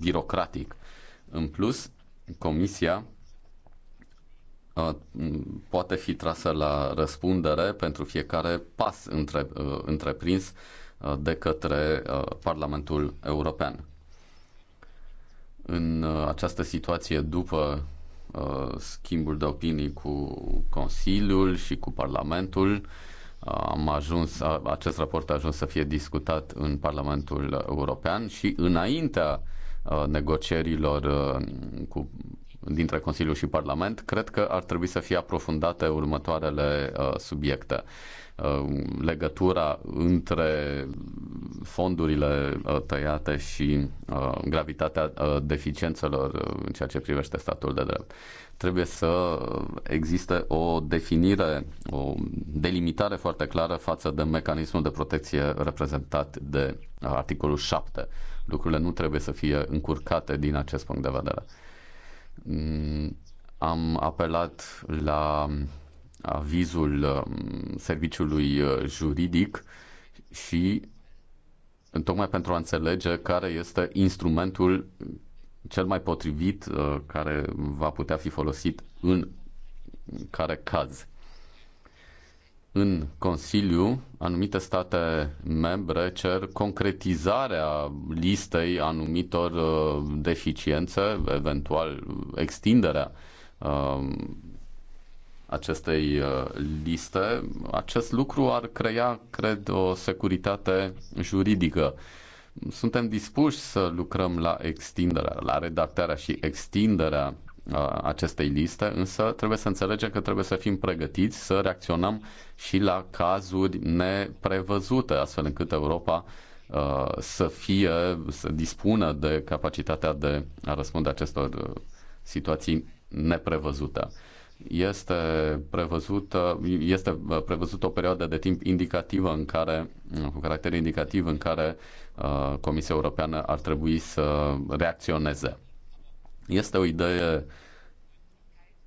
birocratic. În plus, Comisia uh, poate fi trasă la răspundere pentru fiecare pas între, uh, întreprins uh, de către Parlamentul European. În această situație, după schimbul de opinii cu Consiliul și cu Parlamentul, am ajuns, acest raport a ajuns să fie discutat în Parlamentul European și înaintea uh, Uh, negocierilor uh, cu, dintre Consiliu și Parlament, cred că ar trebui să fie aprofundate următoarele uh, subiecte legătura între fondurile tăiate și gravitatea deficiențelor în ceea ce privește statul de drept. Trebuie să existe o definire, o delimitare foarte clară față de mecanismul de protecție reprezentat de articolul 7 lucrurile nu trebuie să fie încurcate din acest punct de vedere. Mm, am apelat la avizul um, serviciului uh, juridic și tocmai pentru a înțelege care este instrumentul cel mai potrivit uh, care va putea fi folosit în care caz. În Consiliu, anumite state membre cer concretizarea listei anumitor uh, deficiențe, eventual extinderea um, acestei uh, liste. Acest lucru ar crea, cred, o securitate juridică. Suntem dispuși să lucrăm la extinderea, la redactarea și extinderea Uh, acestei liste, însă trebuie să înțelegem că trebuie să fim pregătiți să reacționăm și la cazuri neprevăzute, astfel încât Europa uh, să fie, să dispună de capacitatea de a răspunde acestor uh, situații neprevăzute. Este prevăzută, este prevăzută o perioadă de timp indicativă în care, cu caracter indicativ în care Comisia Europeană ar trebui să reacționeze. Este o idee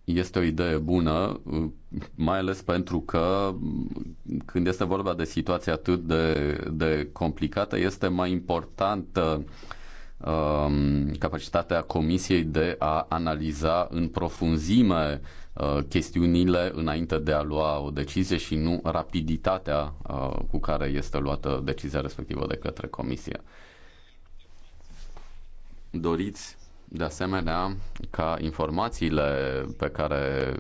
este o idee bună, mai ales pentru că când este vorba de situații atât de, de complicată, este mai importantă um, capacitatea Comisiei de a analiza în profunzime uh, chestiunile înainte de a lua o decizie și nu rapiditatea uh, cu care este luată decizia respectivă de către Comisie. Doriți de asemenea ca informațiile pe care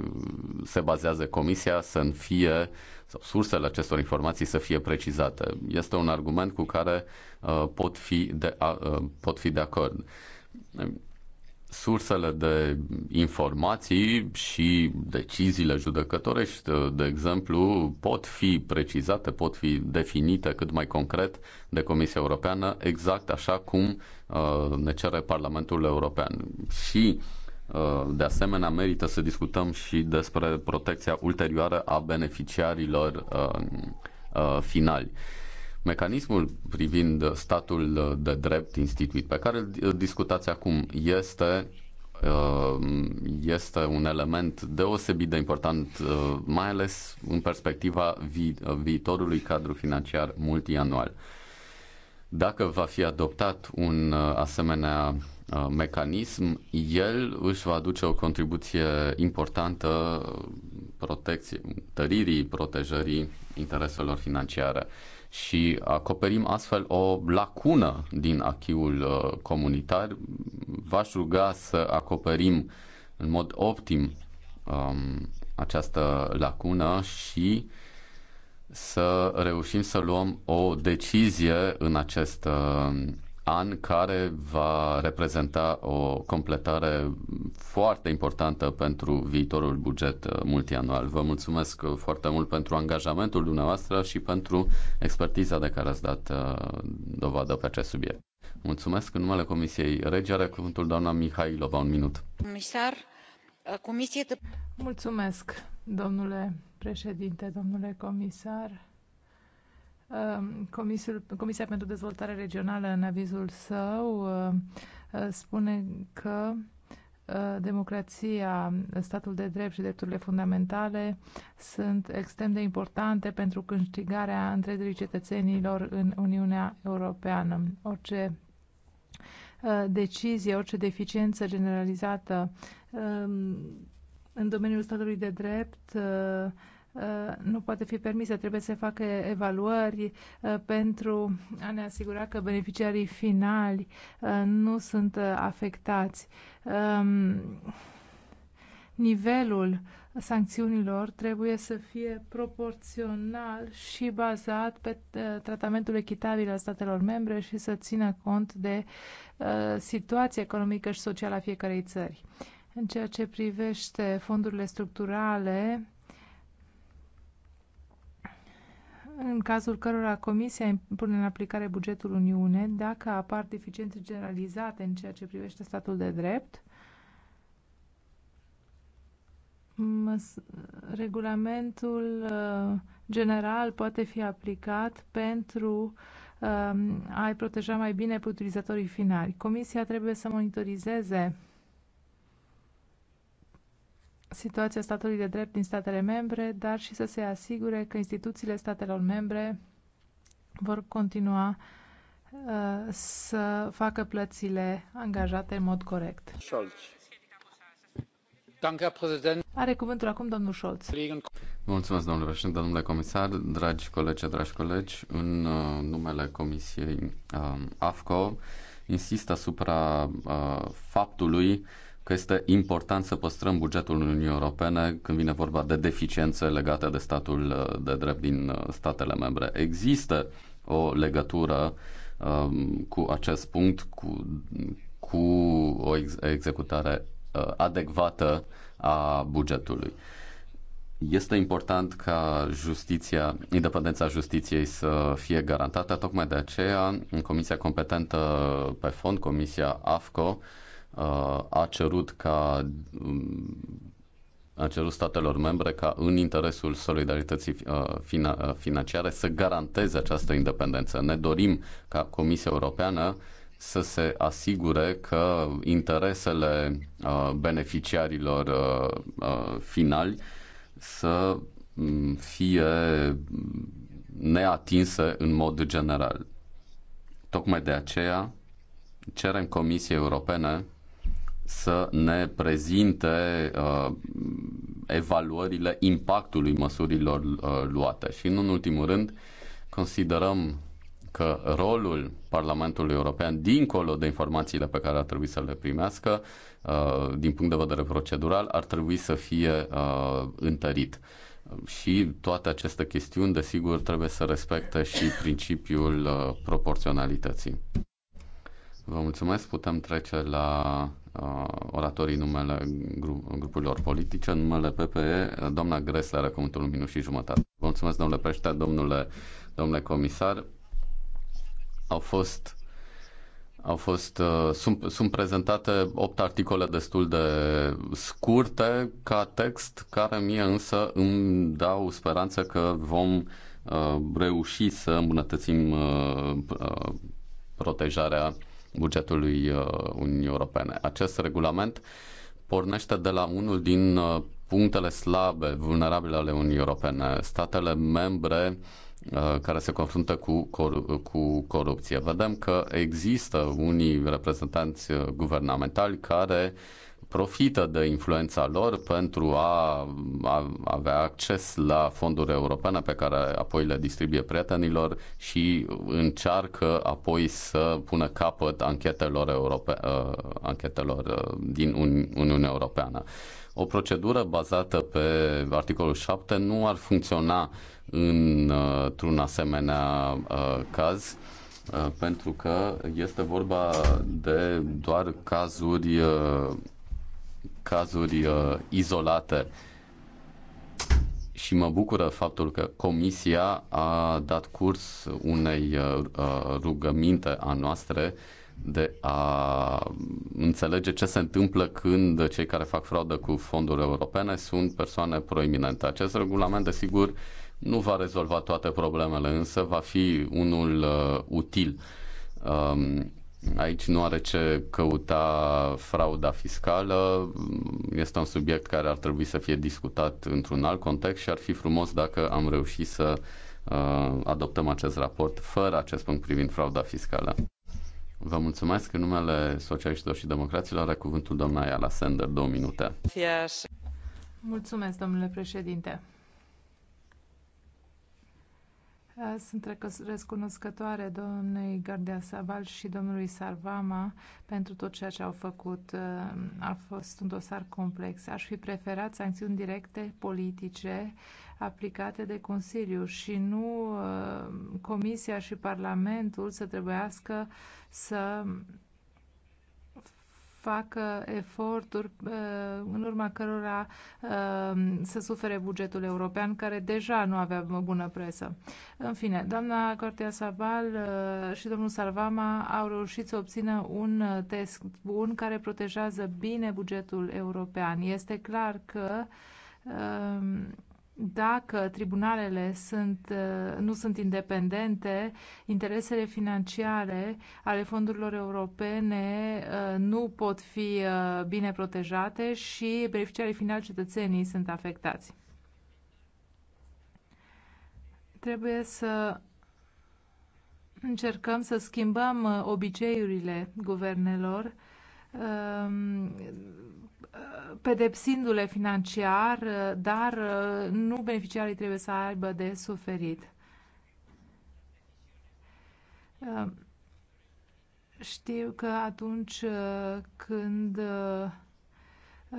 se bazează comisia să fie sau sursele acestor informații să fie precizate. Este un argument cu care uh, pot fi de, uh, pot fi de acord sursele de informații și deciziile judecătorești, de exemplu, pot fi precizate, pot fi definite cât mai concret de Comisia Europeană, exact așa cum uh, ne cere Parlamentul European. Și uh, de asemenea, merită să discutăm și despre protecția ulterioară a beneficiarilor uh, finali Mecanismul privind statul de drept instituit pe care îl discutați acum este uh, este un element deosebit de important, uh, mai ales în perspectiva vi- viitorului cadru financiar multianual. Dacă va fi adoptat un uh, asemenea mecanism, el își va aduce o contribuție importantă protecție, tăririi, protejării intereselor financiare și acoperim astfel o lacună din achiul uh, comunitar. V-aș ruga să acoperim în mod optim um, această lacună și să reușim să luăm o decizie în acest uh, an care va reprezenta o completare foarte importantă pentru viitorul buget uh, multianual. Vă mulțumesc uh, foarte mult pentru angajamentul dumneavoastră și pentru expertiza de care ați dat uh, dovadă pe acest subiect. Mulțumesc. În numele Comisiei Regi are cuvântul doamna Mihailova, un minut. Comisar, Comisie... Mulțumesc, domnule președinte, domnule comisar. Um, Comisul, Comisia pentru Dezvoltare Regională, în avizul său, uh, uh, spune că uh, democrația, statul de drept și drepturile fundamentale sunt extrem de importante pentru câștigarea întregii cetățenilor în Uniunea Europeană. Orice decizie, orice deficiență generalizată um, în domeniul statului de drept Uh, nu poate fi permisă. Trebuie să facă evaluări uh, pentru a ne asigura că beneficiarii finali uh, nu sunt afectați. Um, nivelul sancțiunilor trebuie să fie proporțional și bazat pe tratamentul echitabil al statelor membre și să țină cont de situația economică și socială a fiecarei țări. În ceea ce privește fondurile structurale, în cazul cărora Comisia pune în aplicare bugetul Uniune dacă apar deficiențe generalizate în ceea ce privește statul de drept, regulamentul uh, general poate fi aplicat pentru um, a-i proteja mai bine pe utilizatorii finali. Comisia trebuie să monitorizeze situația statului de drept din statele membre, dar și să se asigure că instituțiile statelor membre vor continua uh, să facă plățile angajate în mod corect. Scholz. Are cuvântul acum domnul Scholz. Mulțumesc, domnule președinte, domnule comisar, dragi colegi, dragi colegi, în uh, numele Comisiei uh, AFCO insist asupra uh, faptului că este important să păstrăm bugetul Uniunii Europene când vine vorba de deficiențe legate de statul de drept din statele membre. Există o legătură um, cu acest punct, cu, cu o ex- executare uh, adecvată a bugetului. Este important ca justiția, independența justiției să fie garantată, tocmai de aceea Comisia competentă pe fond, Comisia AFCO, uh, Uh, a cerut ca um, a cerut statelor membre ca în interesul solidarității uh, uh, financiare să garanteze această independență. Ne dorim ca Comisia Europeană să se asigure că interesele beneficiarilor finali să um, fie neatinse în mod general. Tocmai de aceea cerem Comisiei Europene să ne prezinte uh, evaluările impactului măsurilor uh, luate. Și, în ultimul rând, considerăm că rolul Parlamentului European, dincolo de informațiile pe care ar trebui să le primească, uh, din punct de vedere procedural, ar trebui să fie uh, întărit. Și toate aceste chestiuni, desigur, trebuie să respecte și principiul uh, proporționalității. Vă mulțumesc, putem trece la uh, oratorii numele grup, grupurilor politice, numele PPE, doamna Gresle are cuvântul un minut și jumătate. Vă mulțumesc, domnule președinte, domnule, domnule comisar. Au fost au fost, uh, sunt, sunt prezentate opt articole destul de scurte ca text, care mie însă îmi dau speranță că vom uh, reuși să îmbunătățim uh, uh, protejarea bugetului uh, Uniunii Europene. Acest regulament pornește de la unul din uh, punctele slabe, vulnerabile ale Uniunii Europene. Statele membre uh, care se confruntă cu, coru- cu corupție. Vedem că există unii reprezentanți guvernamentali care uh, profită de influența lor pentru a, a avea acces la fonduri europene pe care apoi le distribuie prietenilor și încearcă apoi să pună capăt anchetelor, europe, uh, anchetelor uh, din Uniunea Europeană. O procedură bazată pe articolul 7 nu ar funcționa uh, într-un asemenea caz pentru că este vorba de doar cazuri cazuri uh, izolate și mă bucură faptul că Comisia a dat curs unei uh, uh rugăminte a noastră de a înțelege ce se întâmplă când cei care fac fraudă cu fonduri europene sunt persoane proeminente. Acest regulament, desigur, nu va rezolva toate problemele, însă va fi unul uh, util. Um, Aici nu are ce căuta frauda fiscală. Este un subiect care ar trebui să fie discutat într-un alt context și ar fi frumos dacă am reușit să uh, adoptăm acest raport fără acest punct privind frauda fiscală. Vă mulțumesc. În numele Socialiștilor și Democraților are cuvântul doamna Iala Sender, două minute. Mulțumesc, domnule președinte. Sunt recunoscătoare domnului Gardea Saval și domnului Sarvama pentru tot ceea ce au făcut. A fost un dosar complex. Aș fi preferat sancțiuni directe politice aplicate de Consiliu și nu uh, Comisia și Parlamentul să trebuiască să facă eforturi uh, în urma cărora uh, să sufere bugetul european, care deja nu avea bună presă. În fine, doamna Cortea Sabal uh, și domnul Salvama au reușit să obțină un test bun care protejează bine bugetul european. Este clar că dacă tribunalele sunt, uh, nu sunt independente, interesele financiare ale fondurilor europene uh, nu pot fi uh, bine protejate și beneficiarii finali cetățenii sunt afectați. Trebuie să încercăm să schimbăm obiceiurile guvernelor um, pedepsindu-le financiar, dar uh, nu beneficiarii trebuie să aibă de suferit. Uh, știu că atunci uh, când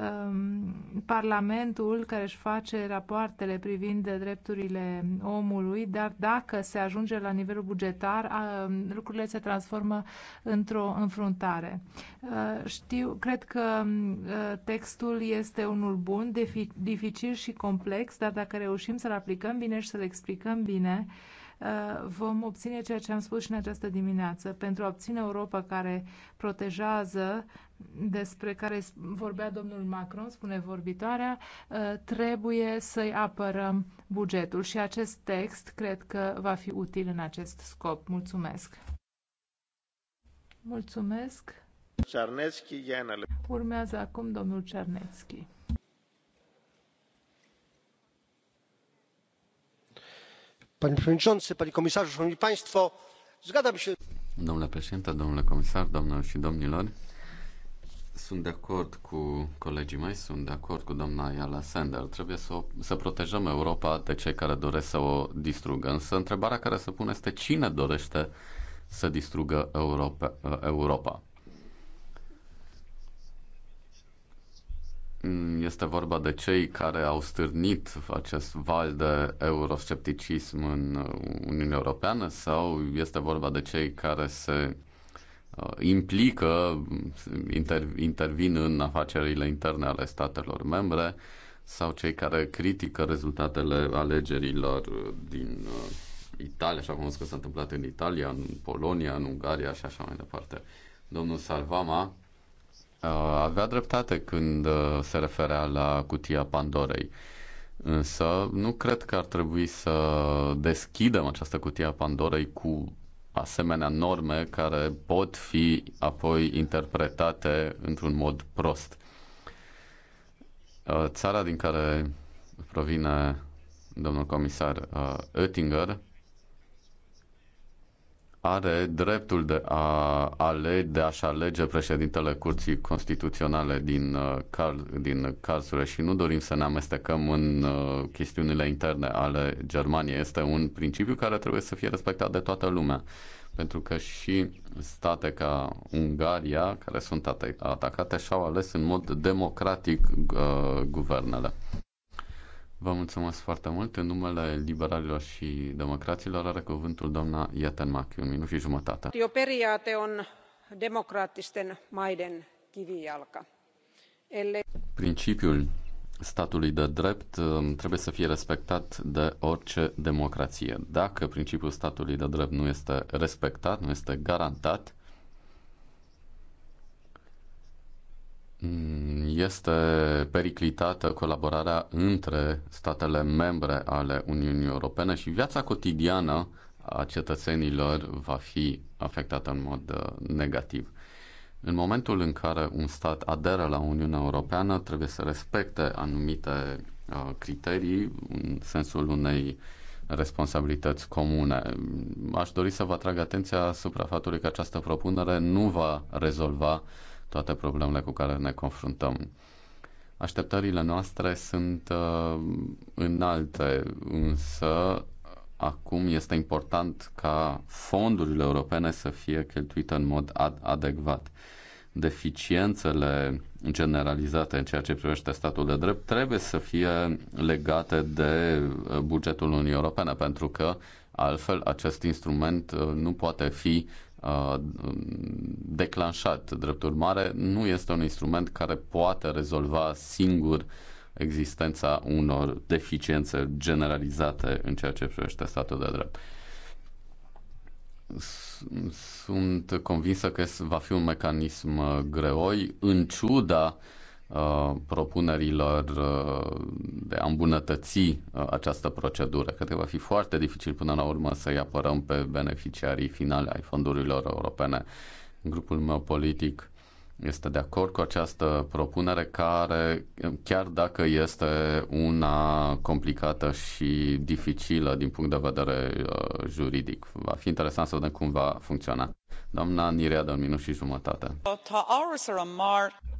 Um, Parlamentul care își face rapoartele privind drepturile omului, dar dacă se ajunge la nivelul bugetar, lucrurile se transformă într-o înfruntare. Uh, știu, cred că um, uh, textul este unul bun, dificil și complex, dar dacă reușim să-l aplicăm bine și să-l explicăm bine, uh, vom obține ceea ce am spus și în această dimineață. Pentru a obține Europa care protejează despre care vorbea domnul Macron, spune vorbitoarea, ă, trebuie să-i apărăm bugetul și acest text cred că va fi util în acest scop. Mulțumesc! Mulțumesc! Cernetski, Urmează acum domnul Cernetski. Panie Przewodniczący, Panie Komisarzu, Szanowni Państwo, zgadzam się. Domnule președinte, domnule comisar, doamnelor și domnilor, sunt de acord cu colegii mei, sunt de acord cu doamna Iala Sender. Trebuie să, o, să protejăm Europa de cei care doresc să o distrugă. Însă întrebarea care se pune este cine dorește să distrugă Europa. Europa. Este vorba de cei care au stârnit acest val de euroscepticism în Uniunea Europeană sau este vorba de cei care se Uh, implică, inter, intervin în afacerile interne ale statelor membre sau cei care critică rezultatele alegerilor din uh, Italia, așa cum că s-a întâmplat în Italia, în Polonia, în Ungaria și așa mai departe. Domnul Salvama uh, avea dreptate când se referea la cutia Pandorei. Însă nu cred că ar trebui să deschidem această cutie a Pandorei cu asemenea norme care pot fi apoi interpretate într-un mod prost. Uh, țara din care provine domnul comisar uh, Oettinger are dreptul de a ale, de a-și alege președintele Curții Constituționale din, uh, Car, din Carlsruhe și nu dorim să ne amestecăm în uh, chestiunile interne ale Germaniei. Este un principiu care trebuie să fie respectat de toată lumea. Pentru că și state ca Ungaria, care sunt atacate, și-au ales în mod democratic uh, guvernele. Vă mulțumesc foarte mult. În numele liberalilor și democraților are cuvântul doamna Machi, un minut și jumătate. Eu periaate on democratisten maiden kivijalka. Principiul statului de drept um, trebuie să fie respectat de orice democrație. Dacă principiul statului de drept nu este respectat, nu este garantat, este periclitată colaborarea între statele membre ale Uniunii Europene și viața cotidiană a cetățenilor va fi afectată în mod uh, negativ. În momentul în care un stat aderă la Uniunea Europeană, trebuie să respecte anumite uh, criterii în sensul unei responsabilități comune. Aș dori să vă atrag atenția asupra faptului că această propunere nu va rezolva toate problemele cu care ne confruntăm. Așteptările noastre sunt uh, înalte, însă acum este important ca fondurile europene să fie cheltuite în mod ad- adecvat. Deficiențele generalizate în ceea ce privește statul de drept trebuie să fie legate de uh, bugetul Uniunii Europene, pentru că altfel acest instrument uh, nu poate fi Uh, declanșat. Drept urmare, nu este un instrument care poate rezolva singur existența unor deficiențe generalizate în ceea ce privește statul de drept. Sunt convinsă că va fi un mecanism uh, greoi, în ciuda uh, Uh, propunerilor uh, de a îmbunătăți uh, această procedură. Cred că va fi foarte dificil până la urmă să-i apărăm pe beneficiarii finale ai fondurilor europene. Grupul meu politic este de acord cu această propunere care, chiar dacă este una complicată și dificilă din punct de vedere uh, juridic, va fi interesant să vedem cum va funcționa. Doamna Nirea, de un minut și jumătate.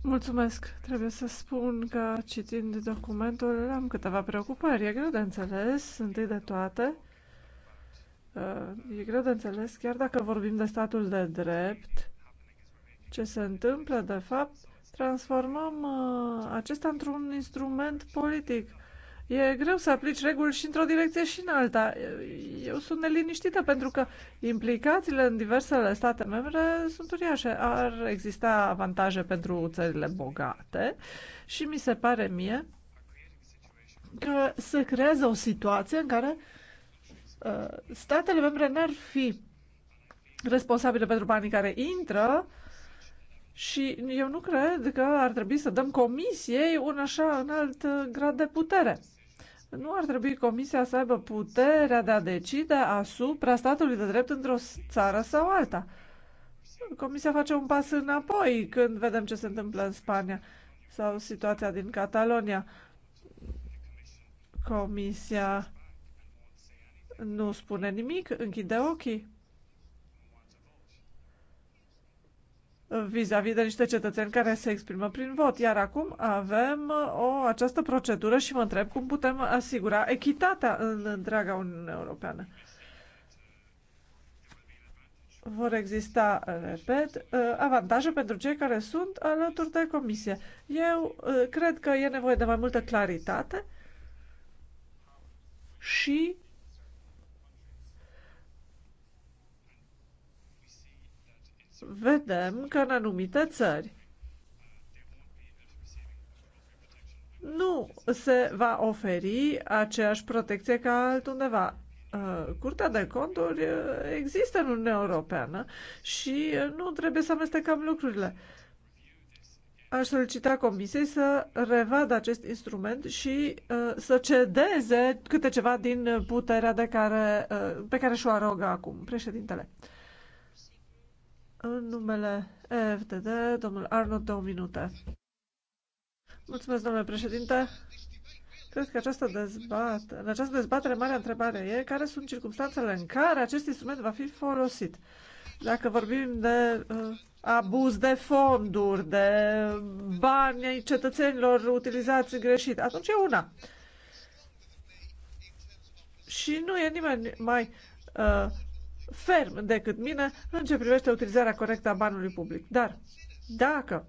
Mulțumesc. Trebuie să spun că citind documentul am câteva preocupări. E greu de înțeles, întâi de toate. Uh, e greu de înțeles, chiar dacă vorbim de statul de drept, ce se întâmplă, de fapt, transformăm uh, acesta într-un instrument politic. E greu să aplici reguli și într-o direcție și în alta. Eu sunt neliniștită pentru că implicațiile în diversele state membre sunt uriașe. Ar exista avantaje pentru țările bogate și mi se pare mie că se creează o situație în care uh, statele membre n-ar fi responsabile pentru banii care intră și eu nu cred că ar trebui să dăm comisiei un așa înalt uh, grad de putere. Nu ar trebui comisia să aibă puterea de a decide asupra statului de drept într-o țară sau alta. Comisia face un pas înapoi când vedem ce se întâmplă în Spania sau situația din Catalonia. Comisia nu spune nimic, închide ochii. vis-a-vis -vis de niște cetățeni care se exprimă prin vot. Iar acum avem uh, o, această procedură și mă întreb cum putem asigura echitatea în întreaga Uniune Europeană. Vor exista, uh, repet, uh, avantaje pentru cei care sunt alături de comisie. Eu cred că e nevoie de mai multă claritate și vedem că în anumite țări nu se va oferi aceeași protecție ca altundeva. Uh, Curtea de conturi uh, există în Uniunea Europeană și uh, nu trebuie să amestecăm lucrurile. Aș solicita Comisiei să revadă acest instrument și să cedeze câte ceva din puterea de care, pe care și-o arogă acum președintele în numele EFTD, domnul Arnold, două minute. Mulțumesc, domnule președinte. Cred că această dezbatere, în această dezbatere, marea întrebare e care sunt circunstanțele în care acest instrument va fi folosit. Dacă vorbim de uh, abuz de fonduri, de bani ai cetățenilor utilizați greșit, atunci e una. Și nu e nimeni mai uh, ferm decât mine în ce privește utilizarea corectă a banului public. Dar dacă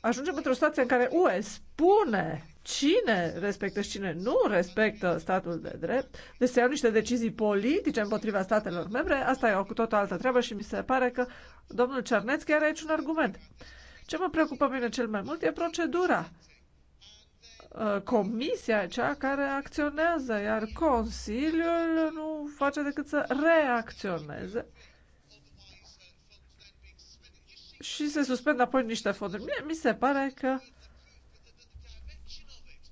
ajungem într-o situație în care UE spune cine respectă și cine nu respectă statul de drept, deci se iau niște decizii politice împotriva statelor membre, asta e o cu totul altă treabă și mi se pare că domnul Cernețchi are aici un argument. Ce mă preocupă mine cel mai mult e procedura Uh, comisia cea care acționează, iar Consiliul nu face decât să reacționeze și se suspendă apoi niște fonduri. Mie mi se pare că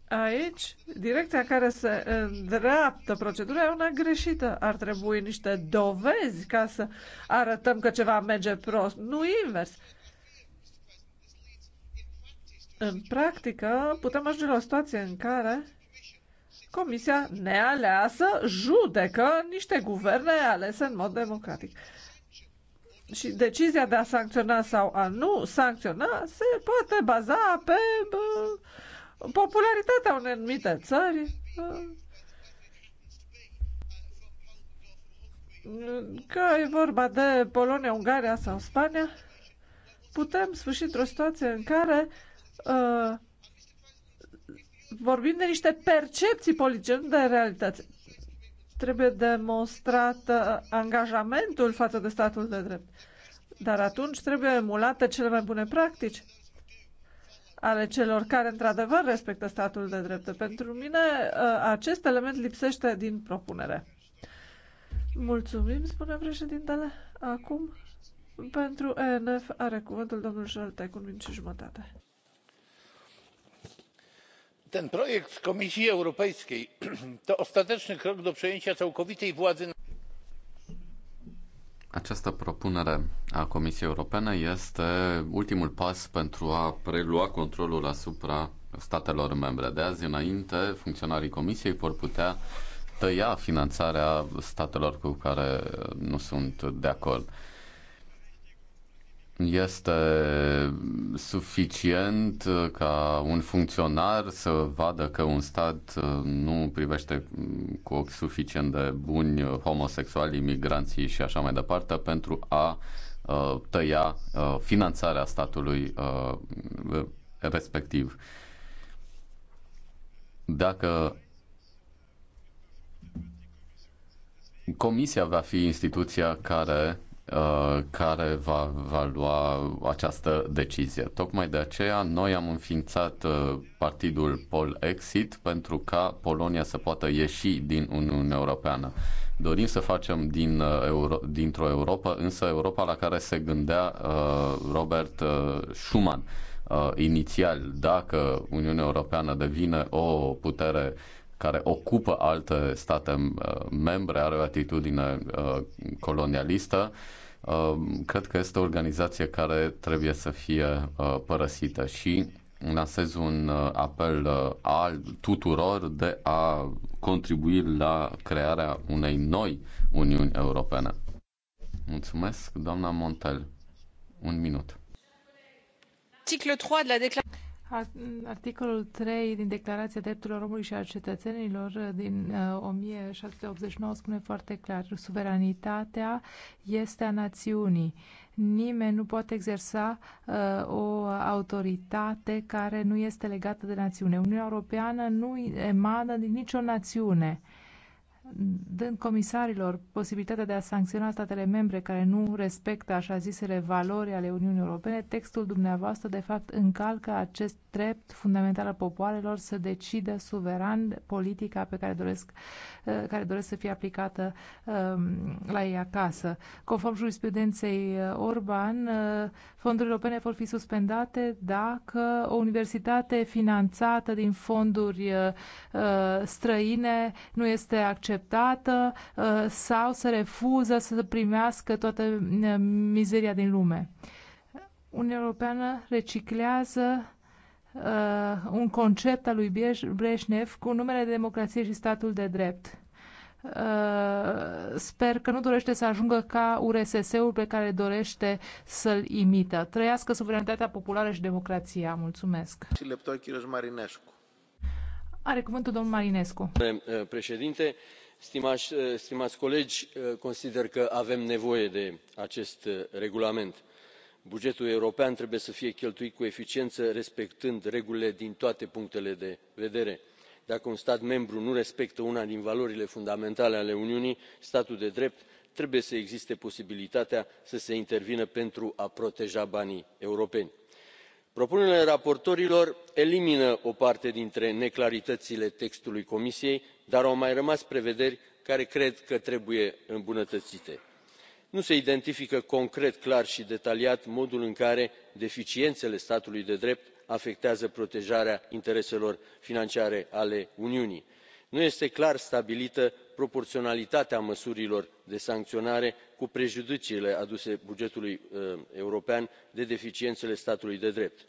aici direcția care se îndreaptă procedura e una greșită. Ar trebui niște dovezi ca să arătăm că ceva merge prost, nu invers. În practică, putem ajunge la o situație în care Comisia nealeasă judecă niște guverne alese în mod democratic. Și decizia de a sancționa sau a nu sancționa se poate baza pe popularitatea unei anumite țări. Că e vorba de Polonia, Ungaria sau Spania, putem sfârși într-o situație în care uh, vorbim de niște percepții politice, nu de realități. Trebuie demonstrat uh, angajamentul față de statul de drept. Dar atunci trebuie emulate cele mai bune practici ale celor care într-adevăr respectă statul de drept. Pentru mine uh, acest element lipsește din propunere. Mulțumim, spune președintele. Acum, pentru ENF, are cuvântul domnul Jolte cu minci și jumătate ten projekt komisji europejskiej to ostateczny krok do przejęcia całkowitej władzy. Această propunere a Comisiei Europene este ultimul pas pentru a prelua controlul asupra statelor membre. De azi înainte, funcționarii Comisiei vor putea tăia finanțarea statelor cu care nu sunt de acord. Este suficient ca un funcționar să vadă că un stat uh, nu privește mm, cu ochi suficient de buni uh, homosexuali, imigranții și așa mai departe pentru a uh, tăia finanțarea statului respectiv. Dacă Comisia va fi instituția care Uh, care va, va lua această decizie. Tocmai de aceea noi am înființat uh, partidul Pol Exit pentru ca Polonia să poată ieși din Uniunea Europeană. Dorim să facem din, uh, Euro, dintr-o Europa, însă Europa la care se gândea uh, Robert uh, Schuman uh, inițial. Dacă Uniunea Europeană devine o putere care ocupă alte state membre, are o atitudine colonialistă, Um, cred că este o organizație care trebuie să fie uh, părăsită și lansez un uh, apel uh, al tuturor de a contribui la crearea unei noi Uniuni Europene. Mulțumesc, doamna Montel. Un minut. Articolul 3 de la declarație Articolul 3 din Declarația Drepturilor Omului și a Cetățenilor din 1689 uh, spune foarte clar, suveranitatea este a națiunii. Nimeni nu poate exersa uh, o autoritate care nu este legată de națiune. Uniunea Europeană nu emană din nicio națiune. Uh, dând comisarilor posibilitatea de a sancționa statele membre care nu respectă așa zisele valori ale Uniunii Europene, textul dumneavoastră de fapt încalcă acest drept fundamental al popoarelor să decidă suveran politica pe care doresc, eh, care doresc să fie aplicată ehm, la ei acasă. Conform jurisprudenței eh, Orban, eh, fondurile europene vor fi suspendate dacă o universitate finanțată din fonduri străine nu este acceptată acceptată uh, sau să refuză să primească toată uh, mizeria din lume. Uniunea Europeană reciclează uh, un concept al lui Brezhnev cu numele de democrație și statul de drept. Uh, sper că nu dorește să ajungă ca URSS-ul pe care dorește să-l imită. Trăiască suveranitatea populară și democrația. Mulțumesc. Și leptoi, Marinescu. Are cuvântul domnul Marinescu. Uh, președinte, Eh, stimați colegi eh, consider că avem nevoie de acest eh, regulament. bugetul european trebuie să fie cheltuit cu eficiență respectând regulile din toate punctele de vedere. dacă un stat membru nu respectă una din valorile fundamentale ale uniunii statul de drept trebuie să existe posibilitatea să se intervină pentru a proteja banii europeni. propunerile raportorilor elimină o parte dintre neclaritățile textului comisiei dar au mai rămas prevederi care cred că trebuie îmbunătățite nu se identifică concret clar și detaliat modul în care deficiențele statului de drept afectează protejarea intereselor financiare ale uniunii nu este clar stabilită proporționalitatea măsurilor de sancționare cu prejudiciile aduse bugetului uh, european de deficiențele statului de drept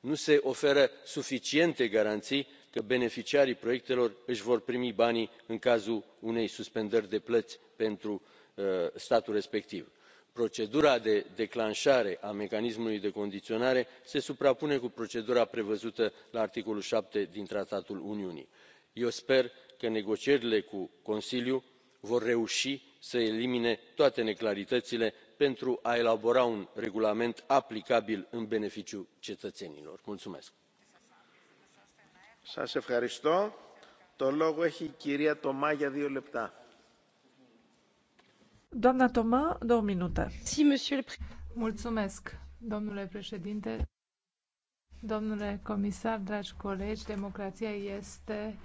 nu se oferă suficiente garanții că beneficiarii proiectelor își vor primi banii în cazul unei suspendări de plăți pentru uh, statul respectiv. procedura de declanșare a mecanismului de condiționare se suprapune cu procedura prevăzută la articolul șapte din tratatul uniunii. eu sper că negocierile cu consiliul vor reuși să elimine toate neclaritățile pentru a elabora un regulament aplicabil în beneficiul cetățenilor. mulțumesc. Σας ευχαριστώ. Doamna Toma, două minute. Mulțumesc, domnule președinte, domnule comisar, dragi colegi. Democrația este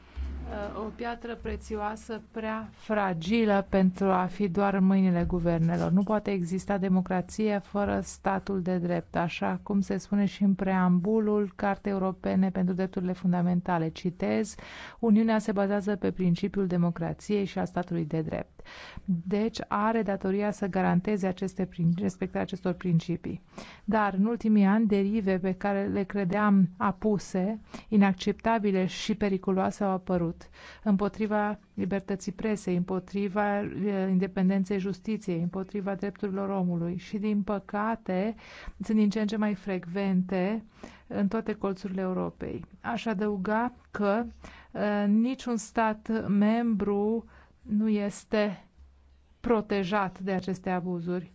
o piatră prețioasă prea fragilă pentru a fi doar în mâinile guvernelor. Nu poate exista democrație fără statul de drept, așa cum se spune și în preambulul Cartei Europene pentru Drepturile Fundamentale. Citez, Uniunea se bazează pe principiul democrației și a statului de drept. Deci are datoria să garanteze aceste, respectarea acestor principii. Dar în ultimii ani, derive pe care le credeam apuse, inacceptabile și periculoase au apărut trecut, împotriva libertății presei, împotriva independenței justiției, împotriva drepturilor omului și, din păcate, sunt din ce în ce mai frecvente în toate colțurile Europei. Aș adăuga că uh, niciun stat membru nu este protejat de aceste abuzuri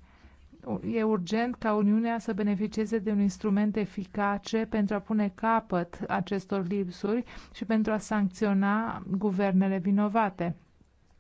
e urgent ca Uniunea să beneficieze de un instrument eficace pentru a pune capăt acestor lipsuri și pentru a sancționa guvernele vinovate.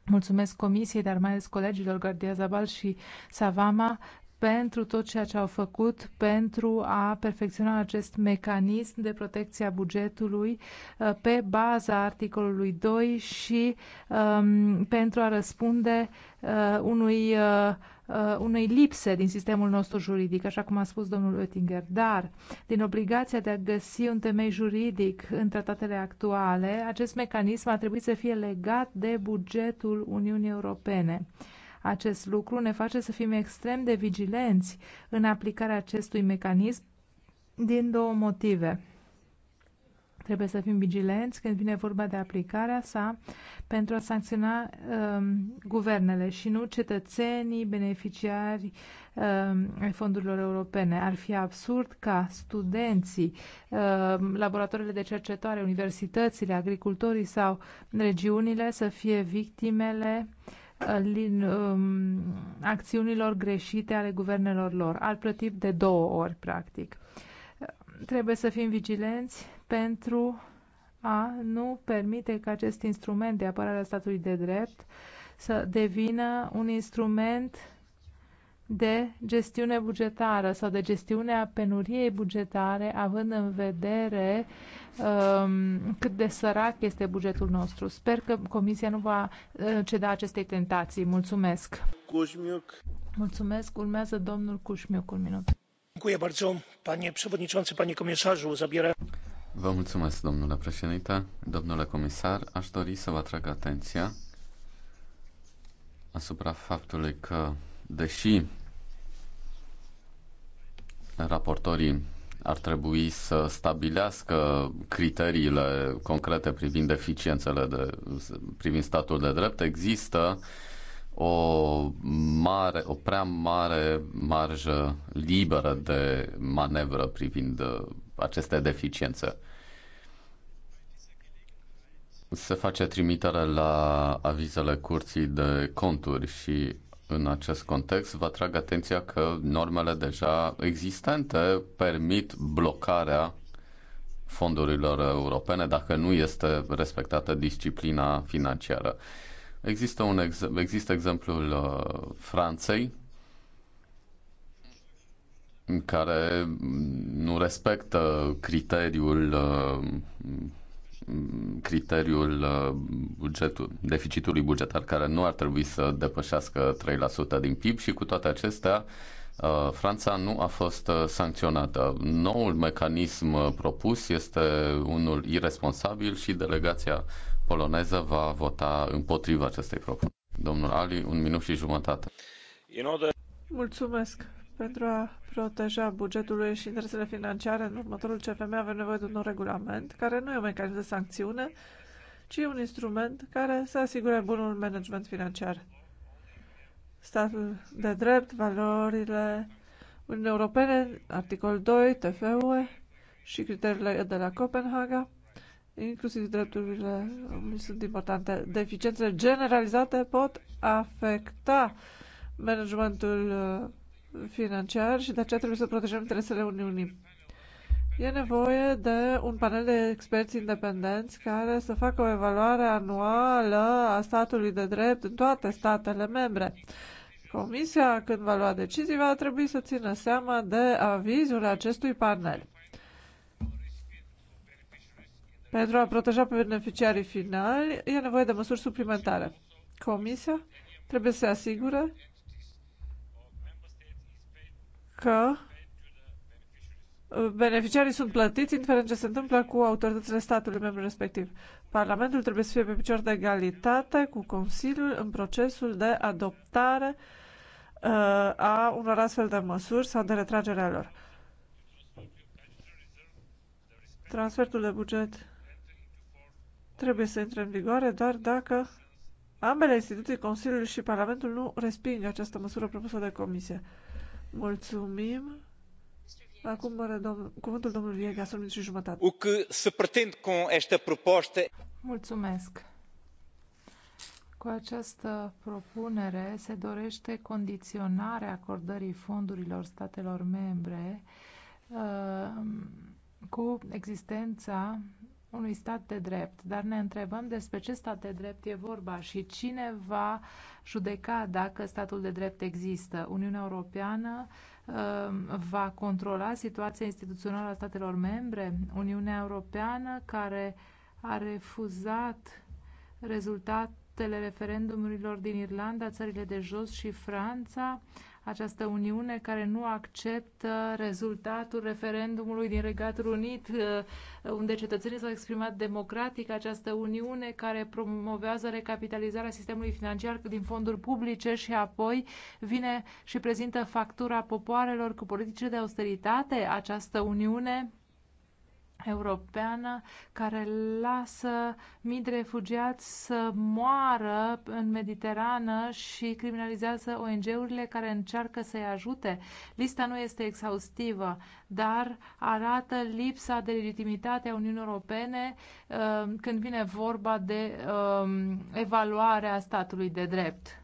Mulțumesc Comisiei, dar mai ales colegilor Gardia Zabal și Savama pentru tot ceea ce au făcut pentru a perfecționa acest mecanism de protecție a bugetului uh, pe baza articolului 2 și um, pentru a răspunde uh, unui, uh, uh, unei lipse din sistemul nostru juridic, așa cum a spus domnul Oettinger. Dar, din obligația de a găsi un temei juridic în tratatele actuale, acest mecanism a trebuit să fie legat de bugetul Uniunii Europene. Uh, acest lucru ne face să fim extrem de vigilenți în aplicarea acestui mecanism din două motive. Trebuie să fim vigilenți când vine vorba de aplicarea sa pentru a sancționa um, guvernele și nu cetățenii beneficiari um, fondurilor europene. Ar fi absurd ca studenții, um, laboratoarele de cercetare, universitățile, agricultorii sau regiunile să fie victimele uh, Um, acțiunilor greșite ale guvernelor lor. Ar plăti de două ori, practic. Trebuie să fim vigilenți pentru a nu permite ca acest instrument de apărare a statului de drept să devină un instrument de gestiune bugetară sau de gestiune a penuriei bugetare, având în vedere uh, Um, cât de sărac este bugetul nostru. Sper că Comisia nu va uh, ceda acestei tentații. Mulțumesc! Cușmiuc. Mulțumesc! Urmează domnul Cușmiuc un minut. Vă mulțumesc, domnule președinte. Domnule comisar, aș dori să vă atrag atenția asupra faptului că, deși raportorii ar trebui să stabilească criteriile concrete privind deficiențele, de, privind statul de drept. Există o mare, o prea mare marjă liberă de manevră privind uh, aceste deficiențe. Se face trimitere la avizele curții de conturi și în acest context, vă atrag atenția că normele deja existente permit blocarea fondurilor europene dacă nu este respectată disciplina financiară. Există, un ex- există exemplul uh, Franței, care nu respectă criteriul uh, criteriul uh, bugetul, deficitului bugetar care nu ar trebui să depășească 3% din PIB și cu toate acestea uh, Franța nu a fost uh, sancționată. Noul mecanism propus este unul irresponsabil și delegația poloneză va vota împotriva acestei propuneri. Domnul Ali, un minut și jumătate. Mulțumesc. Pentru a proteja bugetul și interesele financiare în următorul CFM avem nevoie de un nou regulament, care nu e un mecanism de sancțiune, ci un instrument care să asigure bunul management financiar. Statul de drept, valorile Uniunii Europene, articol 2, TFUE și criteriile de la Copenhaga, inclusiv drepturile sunt importante. Deficiențele generalizate pot afecta managementul uh, financiar și de aceea trebuie să protejăm interesele Uniunii. E nevoie de un panel de experți independenți care să facă o evaluare anuală a statului de drept în toate statele membre. Comisia, când va lua decizii, va trebui să țină seama de avizul acestui panel. Pentru a proteja pe beneficiarii finali, e nevoie de măsuri suplimentare. Comisia trebuie să se asigure că uh, beneficiarii sunt plătiți indiferent ce se întâmplă cu autoritățile statului membru respectiv. Parlamentul trebuie să fie pe picior de egalitate cu Consiliul în procesul de adoptare uh, a unor astfel de măsuri sau de retragere a lor. Transferul de buget trebuie să intre în vigoare doar dacă ambele instituții, Consiliul și Parlamentul, nu resping această măsură propusă de Comisie. Mulțumim. Acum cuvântul și jumătate. O que se pretende cu această Mulțumesc. Cu această propunere se dorește condiționarea acordării fondurilor statelor membre uh, cu existența unui stat de drept, dar ne întrebăm despre ce stat de drept e vorba și cine va judeca dacă statul de drept există. Uniunea Europeană um, va controla situația instituțională a statelor membre? Uniunea Europeană care a refuzat rezultat rezultatele referendumurilor din Irlanda, țările de jos și Franța, această Uniune care nu acceptă rezultatul referendumului din Regatul Unit, uh, unde cetățenii s-au exprimat democratic, această Uniune care promovează recapitalizarea sistemului financiar din fonduri publice și apoi vine și prezintă factura popoarelor cu politici de austeritate, această Uniune europeană care lasă mii de refugiați să moară în Mediterană și criminalizează ONG-urile care încearcă să-i ajute. Lista nu este exhaustivă, dar arată lipsa de legitimitate a Uniunii Europene um, când vine vorba de um, evaluarea statului de drept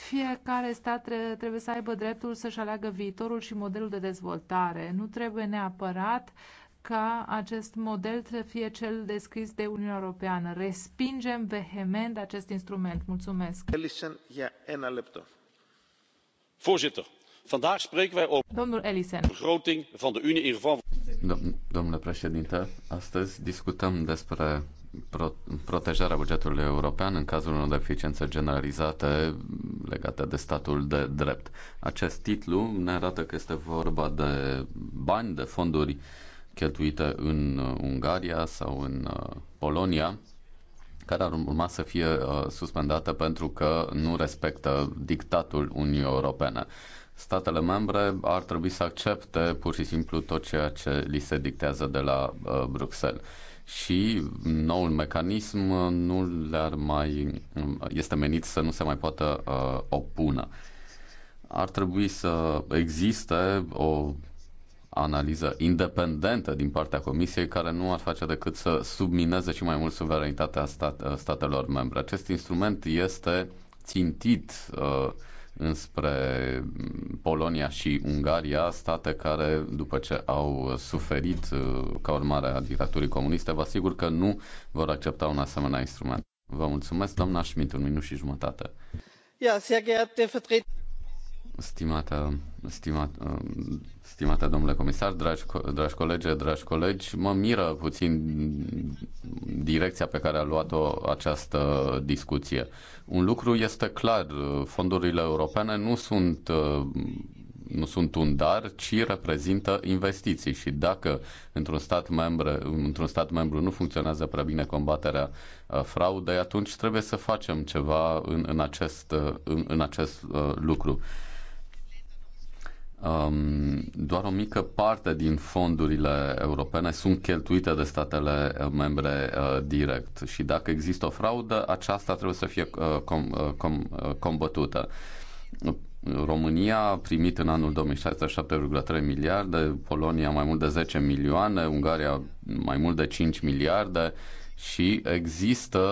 fiecare stat trebuie să aibă dreptul să-și aleagă viitorul și modelul de dezvoltare. Nu trebuie neapărat ca acest model să fie cel descris de Uniunea Europeană. Respingem vehement acest instrument. Mulțumesc. Voorzitter, vandaag spreken wij over de begroting van de Unie in geval Domnule președinte, astăzi discutăm despre protejarea bugetului european în cazul unor deficiențe generalizate legate de statul de drept. Acest titlu ne arată că este vorba de bani, de fonduri cheltuită în uh, Ungaria sau în uh, Polonia, care ar urma să fie uh, suspendată pentru că nu respectă dictatul Uniunii Europene. Statele membre ar trebui să accepte pur și simplu tot ceea ce li se dictează de la Bruxelles și noul mecanism nu le-ar mai um, este menit să nu se mai poată opună. Ar trebui să existe o analiză independentă din partea Comisiei care nu ar face decât să submineze și mai mult suveranitatea stat, uh, statelor membre. Acest instrument este țintit uh, înspre Polonia și Ungaria, state care, după ce au suferit uh, ca urmare a dictaturii comuniste, vă asigur că nu vor accepta un asemenea instrument. Vă mulțumesc, doamna Schmidt, un minut și jumătate. Ja, sehr geehrte Vertreter Stimată, stimată, um, stimată domnule comisar, dragi, dragi colegi, dragi colegi, mă miră puțin direcția pe care a luat-o această discuție. Un lucru este clar, fondurile europene nu sunt uh, nu sunt un dar, ci reprezintă investiții și dacă într-un stat, membre, într-un stat membru nu funcționează prea bine combaterea uh, fraudei, atunci trebuie să facem ceva în, în, acest, uh, în, în acest lucru um, doar o mică parte din fondurile europene sunt cheltuite de statele uh, membre uh, direct și dacă există o fraudă, aceasta trebuie să fie uh, com, uh, com, uh, combătută. România a primit în anul 2016 7,3 miliarde, Polonia mai mult de 10 milioane, Ungaria mai mult de 5 miliarde și există,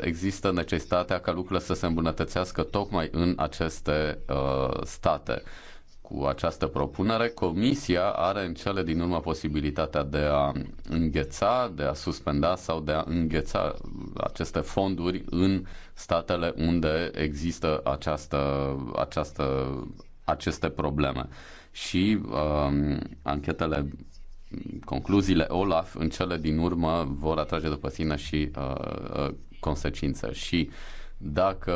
există necesitatea ca lucrurile să se îmbunătățească tocmai în aceste uh, state. Cu această propunere, Comisia are în cele din urmă posibilitatea de a îngheța, de a suspenda sau de a îngheța aceste fonduri în statele unde există această, această, aceste probleme. Și um, anchetele concluziile Olaf în cele din urmă vor atrage după sine și uh, uh consecință. Și dacă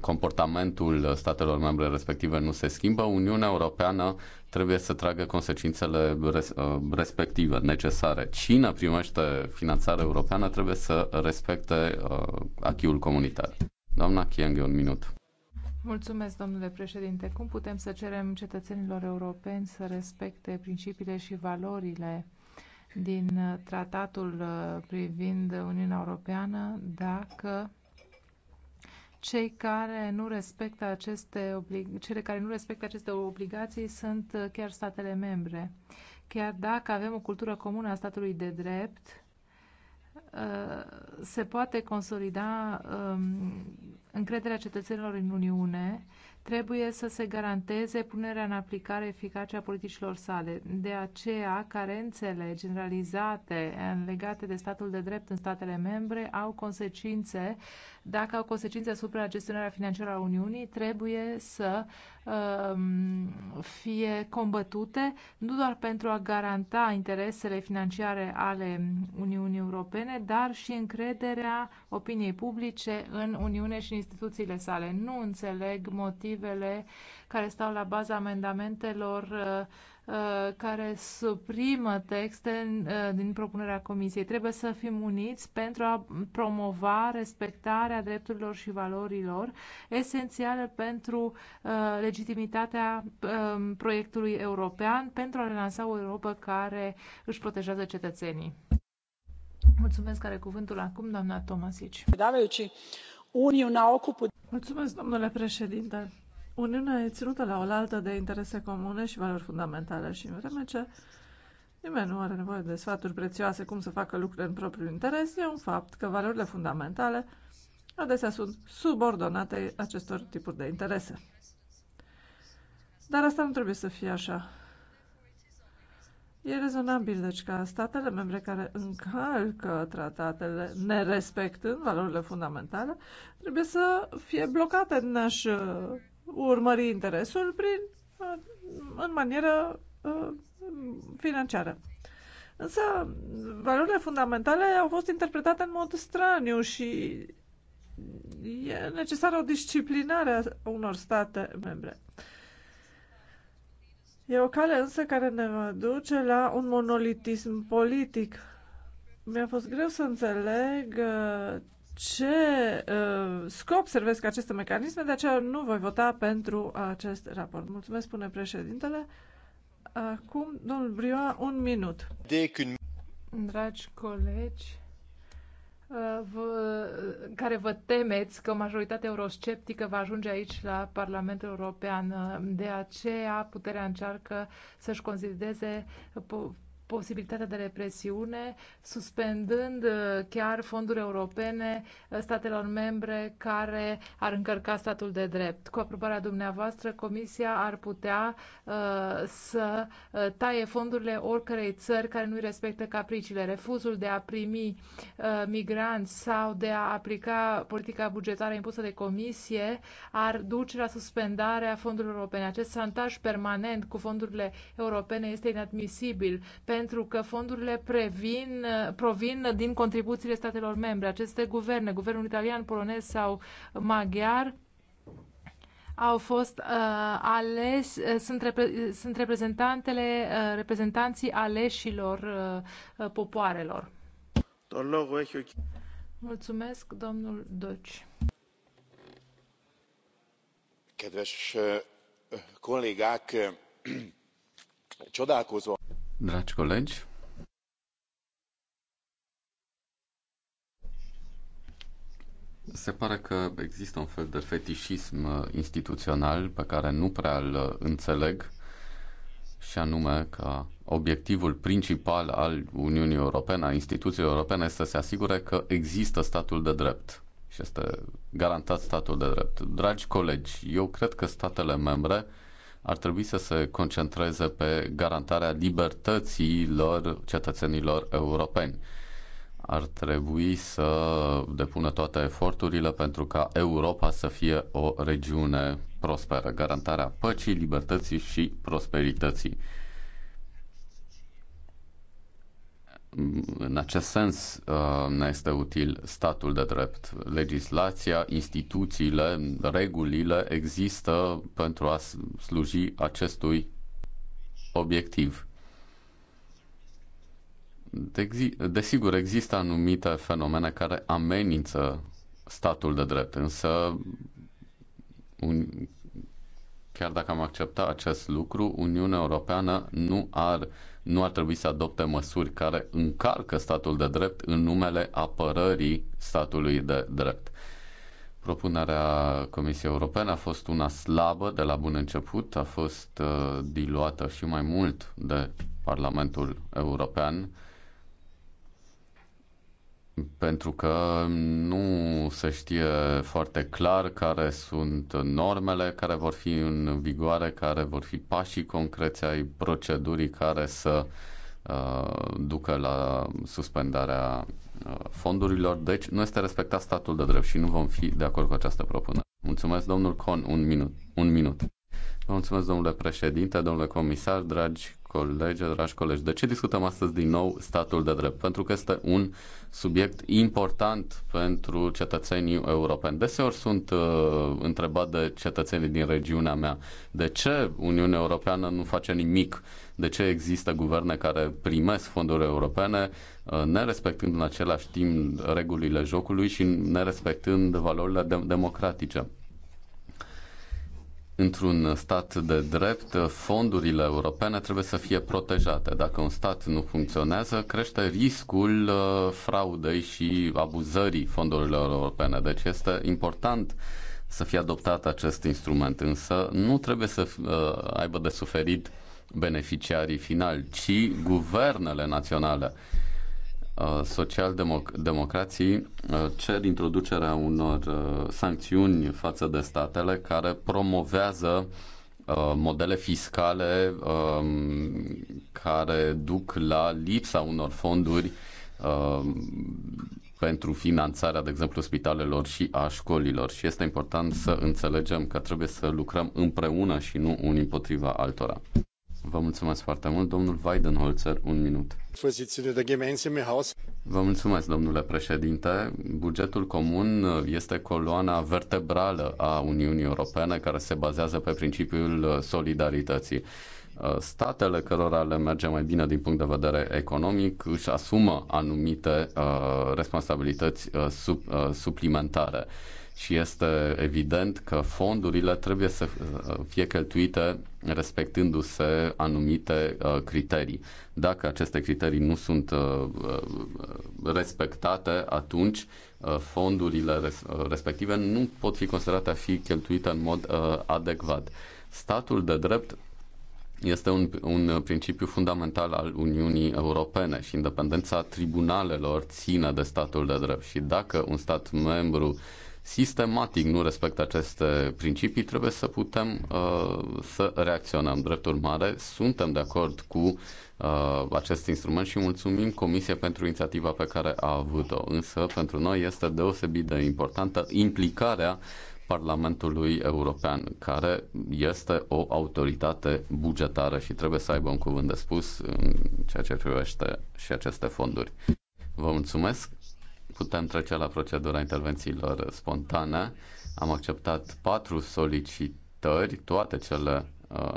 comportamentul statelor membre respective nu se schimbă, Uniunea Europeană trebuie să tragă consecințele uh, respective, necesare. Cine primește finanțare europeană trebuie să respecte uh, achiul comunitar. Doamna Chiang, un minut. Mulțumesc, domnule președinte. Cum putem să cerem cetățenilor europeni să respecte principiile și valorile din uh, tratatul uh, privind Uniunea Europeană dacă cei care nu respectă aceste oblig- cele care nu respectă aceste obligații sunt chiar statele membre. Chiar dacă avem o cultură comună a statului de drept, uh, se poate consolida um, încrederea cetățenilor în Uniune, trebuie să se garanteze punerea în aplicare eficace a politicilor sale. De aceea, carențele generalizate legate de statul de drept în statele membre au consecințe dacă au consecințe asupra gestionarea financiară a Uniunii, trebuie să um, fie combătute nu doar pentru a garanta interesele financiare ale Uniunii Europene, dar și încrederea opiniei publice în Uniune și în instituțiile sale. Nu înțeleg motivele care stau la baza amendamentelor uh, Uh, care suprimă texte uh, din propunerea Comisiei. Trebuie să fim uniți pentru a promova respectarea drepturilor și valorilor esențiale pentru uh, legitimitatea um, proiectului european, pentru a relansa o Europa care își protejează cetățenii. Mulțumesc, are cuvântul acum doamna Tomasici. Mulțumesc, domnule președinte Uniunea e ținută la oaltă de interese comune și valori fundamentale și în vreme ce nimeni nu are nevoie de sfaturi prețioase cum să facă lucruri în propriul interes, e un fapt că valorile fundamentale adesea sunt subordonate acestor tipuri de interese. Dar asta nu trebuie să fie așa. E rezonabil, deci, ca statele membre care încalcă tratatele nerespectând valorile fundamentale, trebuie să fie blocate în aș urmări interesul prin, uh, în manieră uh, financiară. Însă, valorile fundamentale au fost interpretate în mod straniu și e necesară o disciplinare a unor state membre. E o cale însă care ne duce la un monolitism politic. Mi-a fost greu să înțeleg uh, ce uh, scop servesc aceste mecanisme, de aceea nu voi vota pentru acest raport. Mulțumesc, spune președintele. Acum, domnul Brioa, un minut. De când... Dragi colegi, uh, vă, care vă temeți că majoritatea eurosceptică va ajunge aici la Parlamentul European. Uh, de aceea puterea încearcă să-și consideze posibilitatea de represiune, suspendând uh, chiar fonduri europene uh, statelor membre care ar încărca statul de drept. Cu aprobarea dumneavoastră, Comisia ar putea uh, să taie fondurile oricărei țări care nu-i respectă capriciile. Refuzul de a primi migranți sau de a aplica politica bugetară impusă de Comisie ar duce la suspendarea fondurilor europene. Acest santaj permanent cu fondurile europene este inadmisibil pentru pentru că fondurile previn, provin din contribuțiile statelor membre. Aceste guverne, guvernul italian, polonez sau maghiar, au fost uh, ales, uh, sunt, repre- sunt reprezentantele, uh, reprezentanții aleșilor uh, uh popoarelor. Mulțumesc, domnul Doci. Kedves uh, kollégák, csodálkozó. Dragi colegi, se pare că există un fel de fetișism uh, instituțional pe care nu prea îl uh, înțeleg și anume că obiectivul principal al Uniunii Europene, a instituției europene, este să se asigure că există statul de drept și este garantat statul de drept. Dragi colegi, eu cred că statele membre ar trebui să se concentreze pe garantarea libertăților cetățenilor europeni. Ar trebui să depună toate eforturile pentru ca Europa să fie o regiune prosperă, garantarea păcii, libertății și prosperității. în acest sens uh, ne este util statul de drept. Legislația, instituțiile, regulile există pentru a sluji acestui obiectiv. Desigur, există anumite fenomene care amenință statul de drept, însă un, chiar dacă am accepta acest lucru, Uniunea Europeană nu ar uh, nu ar trebui să adopte măsuri care încarcă statul de drept în numele apărării statului de drept. Propunerea Comisiei Europene a fost una slabă de la bun început, a fost uh, diluată și mai mult de Parlamentul European pentru că nu se știe foarte clar care sunt normele care vor fi în vigoare, care vor fi pașii concreți ai procedurii care să uh, ducă la suspendarea uh, fondurilor. Deci nu este respectat statul de drept și nu vom fi de acord cu această propunere. Mulțumesc, domnul Con, un minut. Un minut. mulțumesc, domnule președinte, domnule comisar, dragi colege, dragi colegi, de ce discutăm astăzi din nou statul de drept? Pentru că este un subiect important pentru cetățenii europeni. Deseori sunt uh, întrebat de cetățenii din regiunea mea de ce Uniunea Europeană nu face nimic, de ce există guverne care primesc fonduri europene, uh, nerespectând în același timp regulile jocului și nerespectând valorile de- democratice. Într-un stat de drept, fondurile europene trebuie să fie protejate. Dacă un stat nu funcționează, crește riscul uh, fraudei și abuzării fondurilor europene. Deci este important să fie adoptat acest instrument, însă nu trebuie să uh, aibă de suferit beneficiarii finali, ci guvernele naționale Uh, social-democrații uh, cer introducerea unor uh, sancțiuni față de statele care promovează modele fiscale um, care duc la lipsa unor fonduri um, pentru finanțarea, de exemplu, spitalelor și a școlilor. Și este important să înțelegem că trebuie să lucrăm împreună și nu unii împotriva altora. Vă mulțumesc foarte mult, domnul Weidenholzer, un minut. Vă mulțumesc, domnule președinte. Bugetul comun este coloana vertebrală a Uniunii Europene care se bazează pe principiul solidarității. Uh, statele cărora le merge mai bine din punct de vedere economic își asumă anumite uh, responsabilități uh, sub, uh, suplimentare. Și este evident că fondurile trebuie să uh, fie cheltuite respectându-se anumite uh, criterii. Dacă aceste criterii nu sunt uh, uh respectate, atunci uh, fondurile res- respective nu pot fi considerate a fi cheltuite în mod uh, adecvat. Statul de drept este un, un principiu fundamental al Uniunii Europene și independența tribunalelor ține de statul de drept. Și dacă un stat membru sistematic nu respectă aceste principii, trebuie să putem uh, să reacționăm. Drept urmare, suntem de acord cu uh, acest instrument și mulțumim Comisia pentru inițiativa pe care a avut-o. Însă, pentru noi este deosebit de importantă implicarea uh, Parlamentului European, care este o autoritate bugetară și trebuie să aibă un cuvânt de spus în ceea ce privește și aceste fonduri. Vă mulțumesc. Putem trece la procedura intervențiilor spontane. Am acceptat patru solicitări, toate cele uh,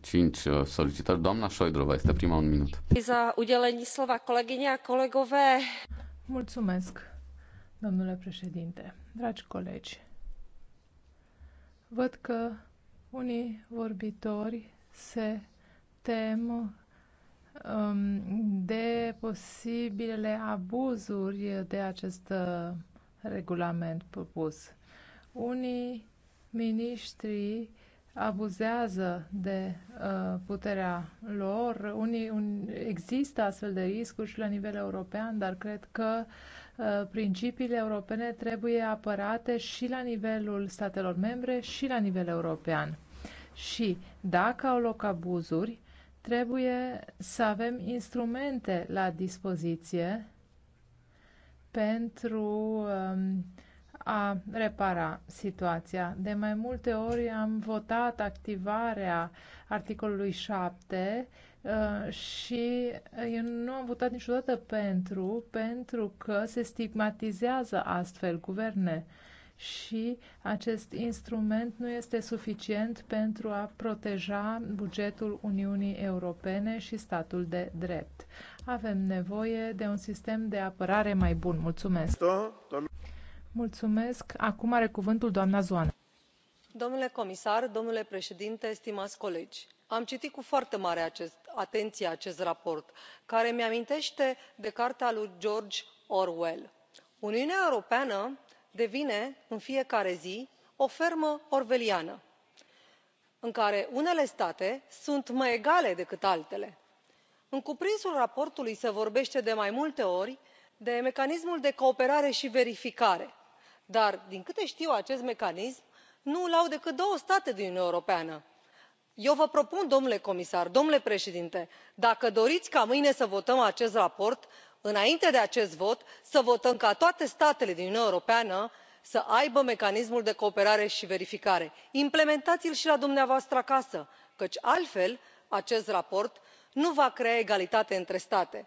cinci uh, solicitări. Doamna Șoidrova este prima un minut. Za udělení slova kolegyně kolegové. Mulțumesc, domnule președinte, dragi colegi. Văd că unii vorbitori se tem um, de posibilele abuzuri de acest uh, regulament propus. Unii miniștri abuzează de uh, puterea lor. Unii, un, există astfel de riscuri și la nivel european, dar cred că uh, principiile europene trebuie apărate și la nivelul statelor membre și la nivel european. Și dacă au loc abuzuri, trebuie să avem instrumente la dispoziție pentru uh, a repara situația. De mai multe ori am votat activarea articolului 7 uh, și eu nu am votat niciodată pentru, pentru că se stigmatizează astfel guverne și acest instrument nu este suficient pentru a proteja bugetul Uniunii Europene și statul de drept. Avem nevoie de un sistem de apărare mai bun. Mulțumesc! Mulțumesc. Acum are cuvântul doamna Zoană. Domnule comisar, domnule președinte, stimați colegi, am citit cu foarte mare acest, atenție acest raport, care mi amintește de cartea lui George Orwell. Uniunea Europeană devine în fiecare zi o fermă orwelliană în care unele state sunt mai egale decât altele. în cuprinsul raportului se vorbește de mai multe ori de mecanismul de cooperare și verificare dar din câte știu acest mecanism nu îl au decât două state din uniunea europeană. eu vă propun domnule comisar domnule președinte dacă doriți ca mâine să votăm acest raport înainte de acest vot să votăm ca toate statele din uniunea europeană să aibă mecanismul de cooperare și verificare. implementați l și la dumneavoastră acasă căci altfel acest raport nu va crea egalitate între state.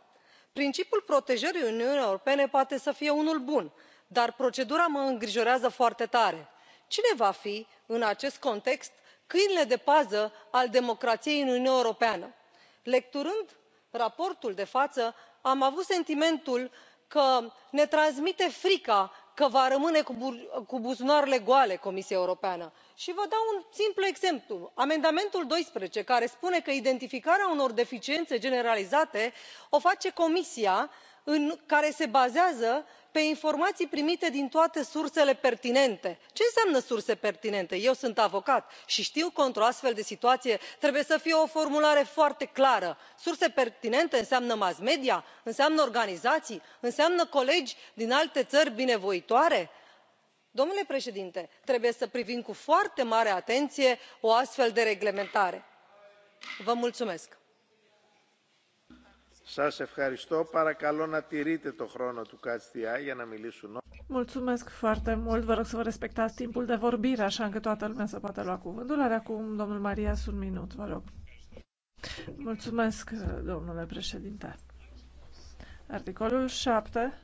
principiul protejării uniunii europene poate să fie unul bun dar procedura mă îngrijorează foarte tare cine va fi în acest context câinele de pază al democrației în uniunea europeană? lecturând raportul de față am avut sentimentul că ne transmite frica că va rămâne cu buzunarele goale comisia europeană și vă dau un simplu exemplu amendamentul doisprezece care spune că identificarea unor deficiențe generalizate o face comisia care se bazează pe informații primite din toate sursele pertinente. ce înseamnă surse pertinente? eu sunt avocat și știu că într o astfel de situație trebuie să fie o formulare foarte clară surse pertinente înseamnă mass media înseamnă organizații înseamnă colegi din alte țări binevoitoare? domnule președinte trebuie să privim cu foarte mare atenție o astfel de reglementare. vă mulțumesc. Mulțumesc foarte mult. Vă rog să vă respectați timpul de vorbire, așa încât toată lumea să poată lua cuvântul. Are acum domnul Maria un minut, vă rog. Mulțumesc, domnule președinte. Articolul 7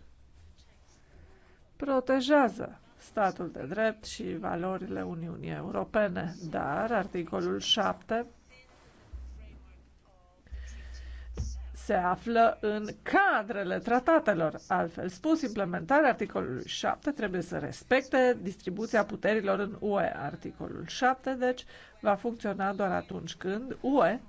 protejează statul de drept și valorile Uniunii Europene, dar articolul 7 se află în cadrele tratatelor. Altfel spus, implementarea articolului 7 trebuie să respecte distribuția puterilor în UE. Articolul 7, deci, va funcționa doar atunci când UE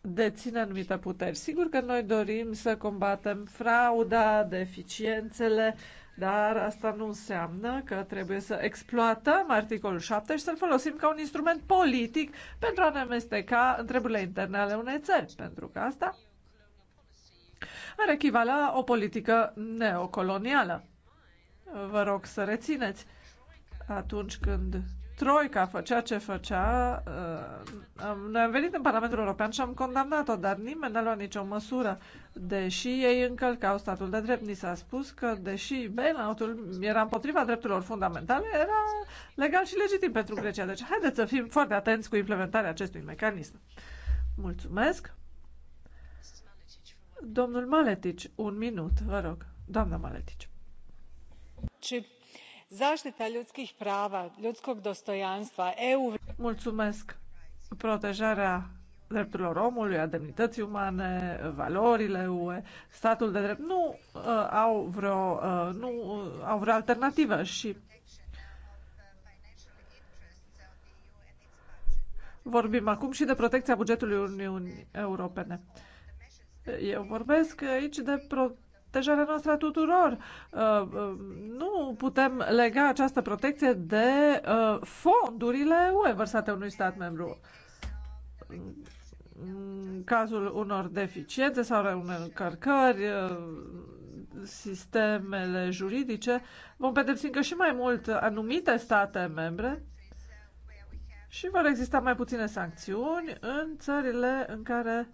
deține anumite puteri. Sigur că noi dorim să combatem frauda, deficiențele, dar asta nu înseamnă că trebuie să exploatăm articolul 7 și să-l folosim ca un instrument politic pentru a ne amesteca întrebările interne ale unei țări. Pentru că asta ar echivala o politică neocolonială. Vă rog să rețineți atunci când Troica făcea ce făcea. Uh, noi am venit în Parlamentul European și am condamnat-o, dar nimeni n-a luat nicio măsură, deși ei încălcau statul de drept. Ni s-a spus că, deși bailout-ul era împotriva drepturilor fundamentale, era legal și legitim pentru Grecia. Deci haideți să fim foarte atenți cu implementarea acestui mecanism. Mulțumesc. Domnul Maletici, un minut, vă rog. Doamna Maletici. Ce zaštita ljudskih prava ljudskog dostojanstva eu. mulțumesc protejarea drepturilor omului, a demnității umane, valorile UE, statul de drept, nu uh, au vreo uh, nu uh, au vreo alternativă și vorbim acum și de protecția bugetului Uniunii Europene. Eu vorbesc aici de protecția protejarea noastră a tuturor. Uh, uh, nu putem lega această protecție de uh, fondurile UE vărsate unui stat membru. În cazul unor deficiențe sau unor încărcări, sistemele juridice, vom pedepsi încă și mai mult anumite state membre și vor exista mai puține sancțiuni în țările în care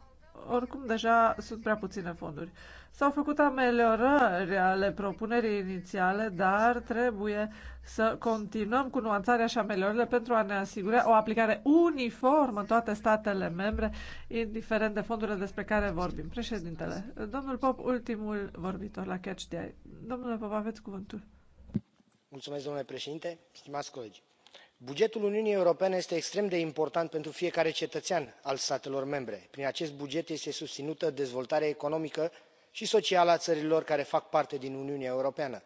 oricum deja sunt prea puține fonduri. S-au făcut ameliorări ale propunerii inițiale, dar trebuie să continuăm cu nuanțarea și ameliorările pentru a ne asigura o aplicare uniformă în toate statele membre, indiferent de fondurile despre care vorbim. Președintele, domnul Pop, ultimul vorbitor la Catch DI. Domnule Pop, aveți cuvântul. Mulțumesc, domnule președinte, stimați colegi bugetul uniunii europene este extrem de important pentru fiecare cetățean al statelor membre. prin acest buget este susținută dezvoltarea economică și socială a țărilor care fac parte din uniunea europeană.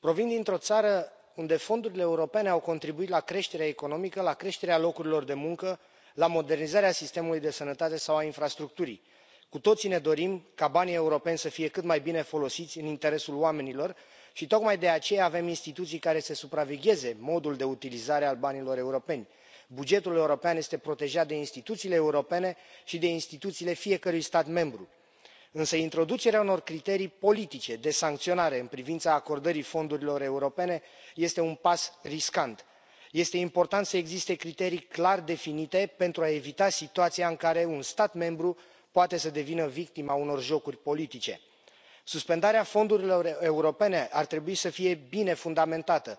provin dintr o țară unde fondurile europene au contribuit la creșterea economică la creșterea locurilor de muncă la modernizarea sistemului de sănătate sau a infrastructurii. cu toții ne dorim ca banii europeni să fie cât mai bine folosiți în interesul oamenilor și tocmai de aceea avem instituții care să supravegheze modul de utilizare a banilor europeni. bugetul european este protejat de instituțiile europene și de instituțiile fiecărui stat membru însă introducerea unor criterii politice de sancționare în privința acordării fondurilor europene este un pas riscant. este important să existe criterii clar definite pentru a evita situația în care un stat membru poate să devină victima unor jocuri politice suspendarea fondurilor europene ar trebui să fie bine fundamentată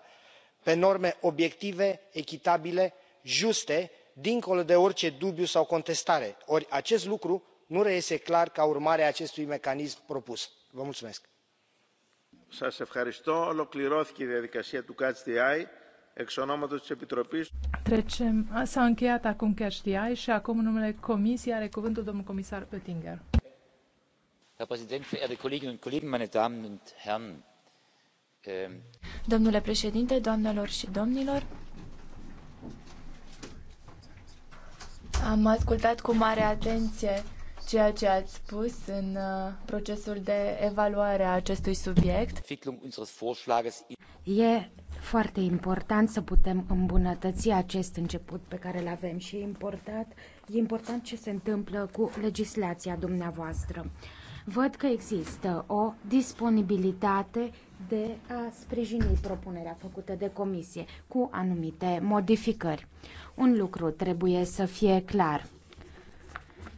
pe norme obiective echitabile juste dincolo de orice dubiu sau contestare ori acest lucru nu reiese clar ca urmare a acestui mecanism propus. vă mulțumesc. trecem s a încheiat acum catch the eye și acum în numele comisiei are cuvântul domnul comisar oettinger domnule președinte doamnelor și domnilor am ascultat cu mare atenție ceea ce ați spus în uh, procesul de evaluare a acestui subiect. E foarte important să putem îmbunătăți acest început pe care îl avem și e important, e important ce se întâmplă cu legislația dumneavoastră. Văd că există o disponibilitate de a sprijini propunerea făcută de comisie cu anumite modificări. Un lucru trebuie să fie clar.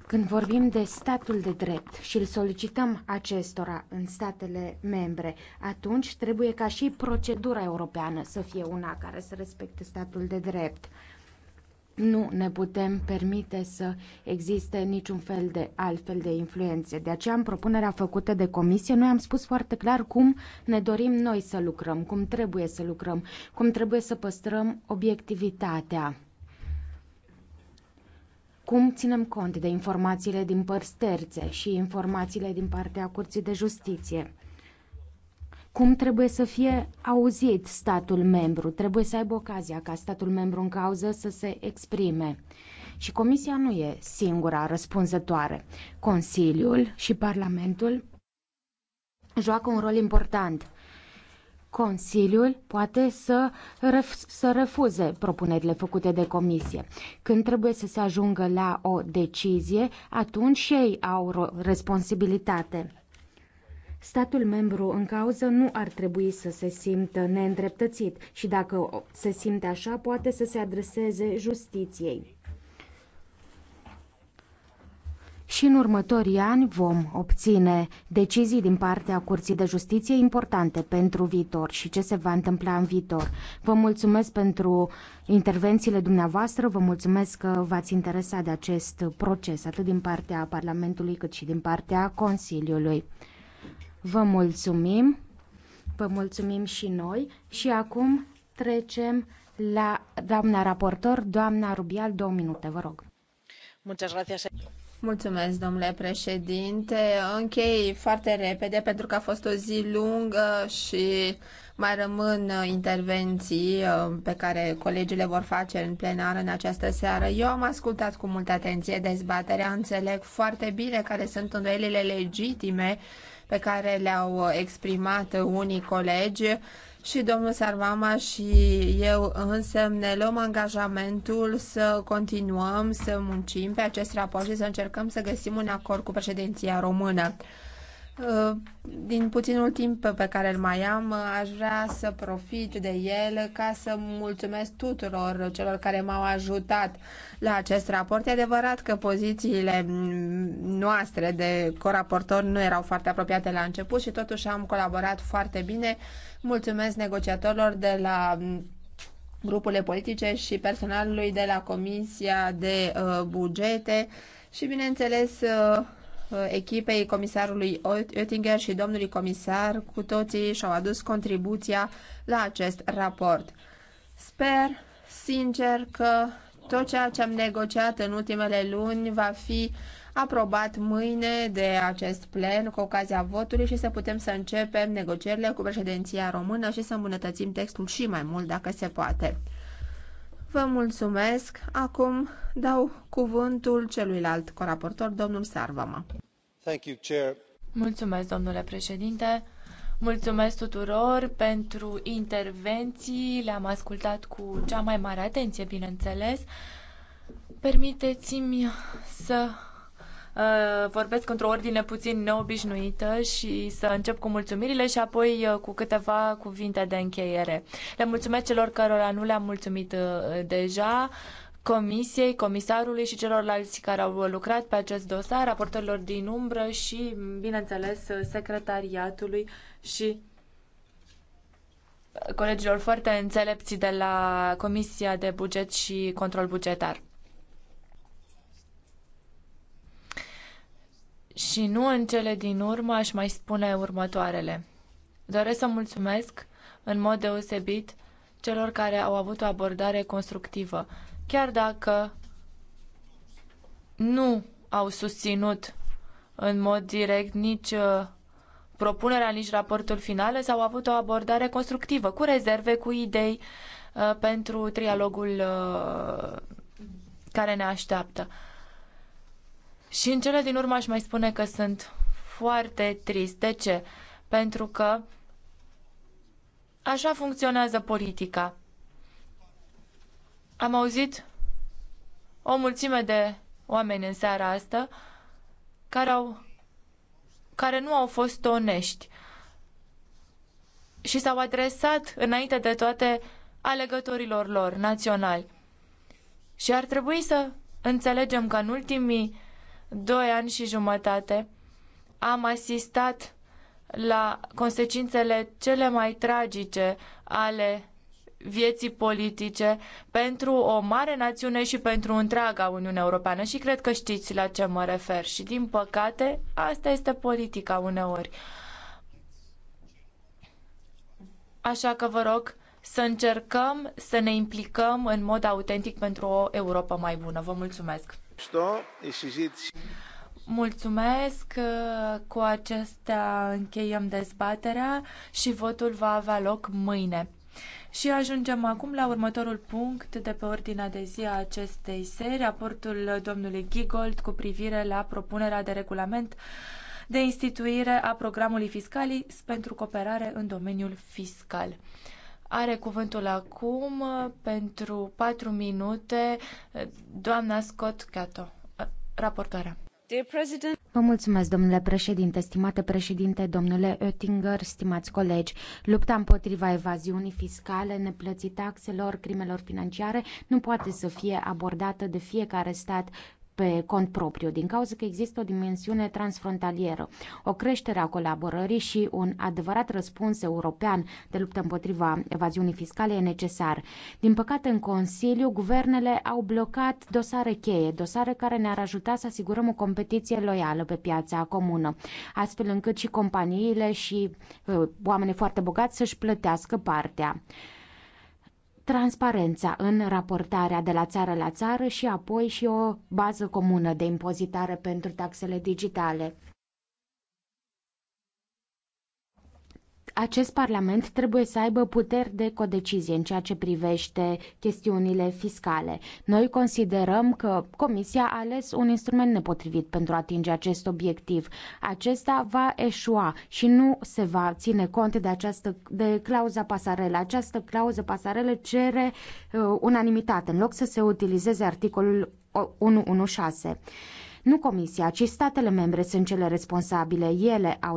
Când vorbim de statul de drept și îl solicităm acestora în statele membre, atunci trebuie ca și procedura europeană să fie una care să respecte statul de drept nu ne putem permite să existe niciun fel de altfel de influențe. De aceea, în propunerea făcută de comisie, noi am spus foarte clar cum ne dorim noi să lucrăm, cum trebuie să lucrăm, cum trebuie să păstrăm obiectivitatea cum ținem cont de informațiile din părți terțe și informațiile din partea Curții de Justiție cum trebuie să fie auzit statul membru. Trebuie să aibă ocazia ca statul membru în cauză să se exprime. Și Comisia nu e singura răspunzătoare. Consiliul și Parlamentul joacă un rol important. Consiliul poate să, ref, să refuze propunerile făcute de comisie. Când trebuie să se ajungă la o decizie, atunci ei au responsabilitate. Statul membru în cauză nu ar trebui să se simtă neîndreptățit și dacă se simte așa, poate să se adreseze justiției. Și în următorii ani vom obține decizii din partea Curții de Justiție importante pentru viitor și ce se va întâmpla în viitor. Vă mulțumesc pentru intervențiile dumneavoastră, vă mulțumesc că v-ați interesat de acest proces, atât din partea Parlamentului cât și din partea Consiliului. Vă mulțumim, vă mulțumim și noi și acum trecem la doamna raportor, doamna Rubial, două minute, vă rog. Muchas gracias. Mulțumesc, domnule președinte. Închei foarte repede pentru că a fost o zi lungă și mai rămân intervenții uh, pe care colegii le vor face în plenar în această seară. Eu am ascultat cu multă atenție dezbaterea, înțeleg foarte bine care sunt îndoielile legitime pe care le-au uh, exprimat unii colegi și domnul Sarvama și eu însă ne luăm angajamentul să continuăm să muncim pe acest raport și să încercăm să găsim un acord cu președinția română. Uh, din puținul timp pe care îl mai am, uh, aș vrea să profit de el ca să mulțumesc tuturor celor care m-au ajutat la acest raport. E adevărat că pozițiile mm, noastre de coraportor nu erau foarte apropiate la început și totuși am colaborat foarte bine. Mulțumesc negociatorilor de la mm, grupurile politice și personalului de la Comisia de uh, Bugete și, bineînțeles, Uh, echipei comisarului Oettinger și domnului comisar, cu toții și-au adus contribuția la acest raport. Sper, sincer, că tot ceea ce am negociat în ultimele luni va fi aprobat mâine de acest plen cu ocazia votului și să putem să începem negocierile cu președinția română și să îmbunătățim textul și mai mult dacă se poate. Vă mulțumesc. Acum dau cuvântul celuilalt coraportor, domnul Sarvama. Thank you, Chair. Mulțumesc, domnule președinte. Mulțumesc tuturor pentru intervenții. Le-am ascultat cu cea mai mare atenție, bineînțeles. Permiteți-mi să Uh, vorbesc într-o ordine puțin neobișnuită și să încep cu mulțumirile și apoi uh, cu câteva cuvinte de încheiere. Le mulțumesc celor cărora nu le-am mulțumit uh, deja. Comisiei, comisarului și celorlalți care au lucrat pe acest dosar, raportorilor din umbră și, bineînțeles, secretariatului și colegilor foarte înțelepți de la Comisia de Buget și Control Bugetar. Și nu în cele din urmă aș mai spune următoarele. Doresc să mulțumesc în mod deosebit celor care au avut o abordare constructivă, chiar dacă nu au susținut în mod direct nici uh, propunerea, nici raportul final, sau au avut o abordare constructivă, cu rezerve, cu idei uh, pentru trialogul uh, care ne așteaptă. Și în cele din urmă aș mai spune că sunt foarte trist. De ce? Pentru că așa funcționează politica. Am auzit o mulțime de oameni în seara asta care, au, care nu au fost onești și s-au adresat înainte de toate alegătorilor lor naționali. Și ar trebui să înțelegem că în ultimii doi ani și jumătate am asistat la consecințele cele mai tragice ale vieții politice pentru o mare națiune și pentru întreaga Uniune Europeană și cred că știți la ce mă refer și din păcate asta este politica uneori. Așa că vă rog să încercăm să ne implicăm în mod autentic pentru o Europa mai bună. Vă mulțumesc! Mulțumesc. Uh, cu acestea încheiem dezbaterea și votul va avea loc mâine. Și ajungem acum la următorul punct de pe ordinea de zi a acestei seri, raportul domnului Gigold cu privire la propunerea de regulament de instituire a programului Fiscalis pentru cooperare în domeniul fiscal. Are cuvântul acum uh, pentru patru minute uh, doamna Scott Cato, uh, raportoarea. Vă mulțumesc, domnule președinte, stimate președinte, domnule Oettinger, stimați colegi. Lupta împotriva evaziunii fiscale, neplății taxelor, crimelor financiare nu poate să fie abordată de fiecare stat pe cont propriu, din cauza că există o dimensiune transfrontalieră, o creștere a colaborării și un adevărat răspuns european de luptă împotriva evaziunii fiscale e necesar. Din păcate, în Consiliu, guvernele au blocat dosare cheie, dosare care ne-ar ajuta să asigurăm o competiție loială pe piața comună, astfel încât și companiile și uh, oamenii foarte bogați să-și plătească partea transparența în raportarea de la țară la țară și apoi și o bază comună de impozitare pentru taxele digitale. acest Parlament trebuie să aibă puteri de codecizie în ceea ce privește chestiunile fiscale. Noi considerăm că Comisia a ales un instrument nepotrivit pentru a atinge acest obiectiv. Acesta va eșua și nu se va ține cont de, această, de clauza pasarele. Această clauză pasarele cere uh, unanimitate în loc să se utilizeze articolul 116. Nu Comisia, ci statele membre sunt cele responsabile. Ele au